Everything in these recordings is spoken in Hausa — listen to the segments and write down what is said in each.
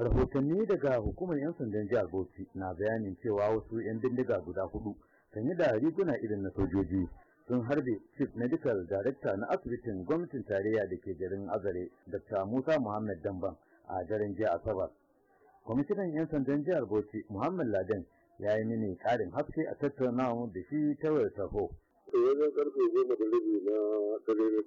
rahotanni daga hukumar 'yan sandan jihar bauchi na bayanin cewa wasu 'yan bindiga guda hudu sanye da riguna irin na sojoji sun harbe chief medical director na asibitin gwamnatin tarayya da ke garin azare dr musa muhammad damban a daren jiya asabar kwamishinan 'yan sandan jihar bauchi muhammad laden ya yi mini karin haske a tattaunawa da shi ta wayar taho. Eh, wajen karfe goma da rabi na dare na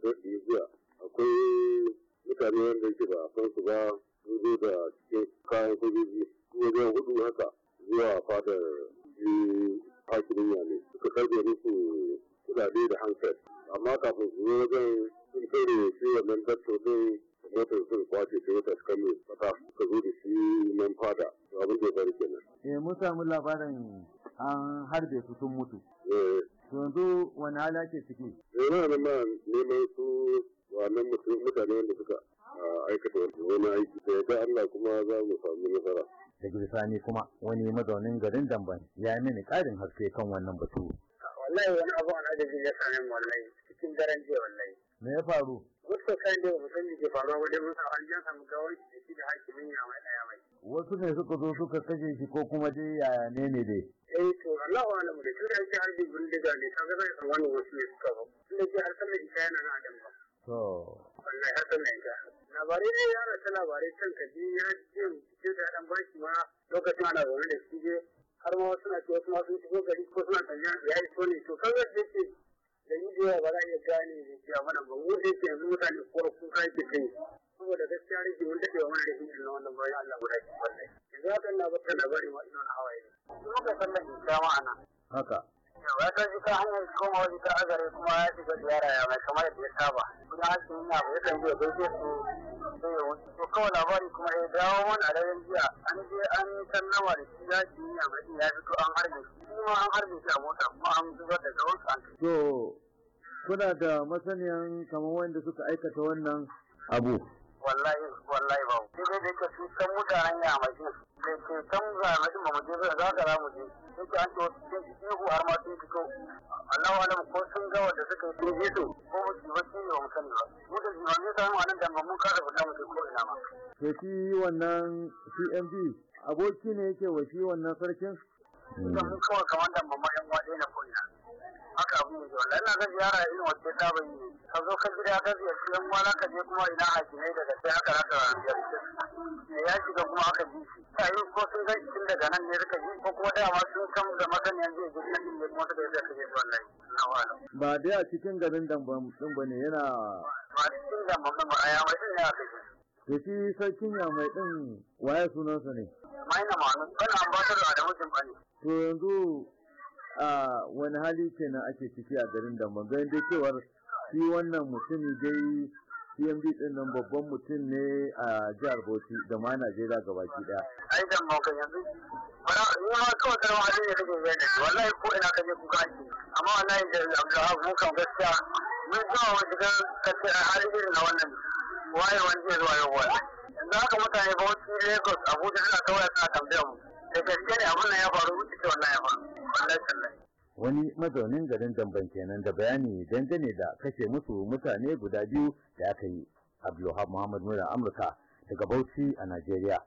jiya akwai mutane wanda ke ba a fansu ba zo da cikin kayan sojoji wajen hudu haka zuwa fadar ji hakimin yale suka karbe musu kudade da hankali amma kafin su zo wajen sun kare shi wannan datto din motar sun kwace ta wata suka mai fata suka zo da shi nan fada abin da ya faru kenan. eh mun samu labarin an harbe su sun mutu. eh yanzu wani hala ke ciki. eh na ma neman su wannan mutane wanda suka aikata wani aiki da yadda Allah kuma za mu samu nasara. Da Sani kuma wani mazaunin garin Damban ya yi mini ƙarin haske kan wannan batu. Wallahi wani abu an ajiye ya sami wallahi cikin daren jiya wallahi. Me ya faru? Wasu kan da wasu san ke faruwa wajen mun sa an jan gawar da shi da hakimin ya mai ɗaya mai. Wasu ne suka zo suka kashe shi ko kuma dai yaya ne ne dai? Eh to Allah wa alamu da har yake harbi bindiga ne kaga zai san wani wasu ne suka zo. Tunda ji har sama ita yana na adam ba. To. nan ga. Labarai ne ya rasa labarai kan kaji ya ce da dan baki ma lokacin ana da shi je har ma suna ce wasu ma sun shigo gari ko suna tanya ya yi so ne to kan zai ce da yi ba za a iya gane da ya mana ba mu da yake yanzu mutane ko kuka yake kai saboda gaskiya rage wanda ke wani da hinjin na wannan bayan Allah guda ke wannan. Yanzu haka na labari ma ina hawaye. Haka. ta san ita hanyar koma wani ta agare kuma ya shiga ziyara ya mai kamar yadda ya saba kuma hakin yana ba yakan je gaishe su sai ya wuce to kawai labari kuma ya dawo mana a daren jiya an je an sallama da shi ya shi ya mai ya fito an harbe shi kuma an harbe shi a mota kuma an zubar da gawansa an to kuna da masaniyan kamar wanda suka aikata wannan abu wallahi wallahi ba sai dai ka san mutanen a mai sai ke san za mu je za ka za mu je sai an ce uku har ma sun fito Allahu alam ko sun ga wanda suka yi sun su ko ba su bacci ne ba mu mu da jimami samu a nan da mun kara fita mu ko ina ma. to shi wannan CMB aboki ne yake wa shi wannan sarkin. da mun kawai kamar da mamma yan wa na ko ina. haka abin da wallahi ina ga ziyara irin wacce ta ban yi ka zo ka gida ka ziyarci yan uwa ka je kuma ina hakimai daga sai haka haka ziyarci ya shiga kuma aka ji shi ta yi ko sun ga tun daga nan ne suka ji ko kuma dama sun san da masaniyan zai je kan ne kuma ta da ya kaje wallahi ba dai a cikin garin dambam din bane yana ba cikin dambam ba a yawa din ne a kaje da shi sarkin ya mai din waye sunansa ne mai na manu kana ambatar da Adamu Jimbani to yanzu a wani hali kenan ake ciki a garin dambam dan dai cewar shi wannan mutumi dai CMD din nan babban mutum ne a jihar Bauchi da ma Najeriya gabaki daya. Ai dan yanzu ni ma kawai karwa halin ya rage yadda wallahi ko ina ka je kuka ake amma wallahi da abdullahi mu kan gaskiya mun zuwa wani gidan kace a halin irin na wannan waye wani zai zuwa yau wani yanzu haka mutane ba wasu lagos abuja suna kawai suna tambayar mu da gaske ne abin nan ya faru wuce ce wannan ya faru wallahi tallahi wani mazaunin garin damban kenan da bayani dangane da kashe musu mutane guda biyu da aka yi abdulhab muhammad mura amurka daga bauchi a najeriya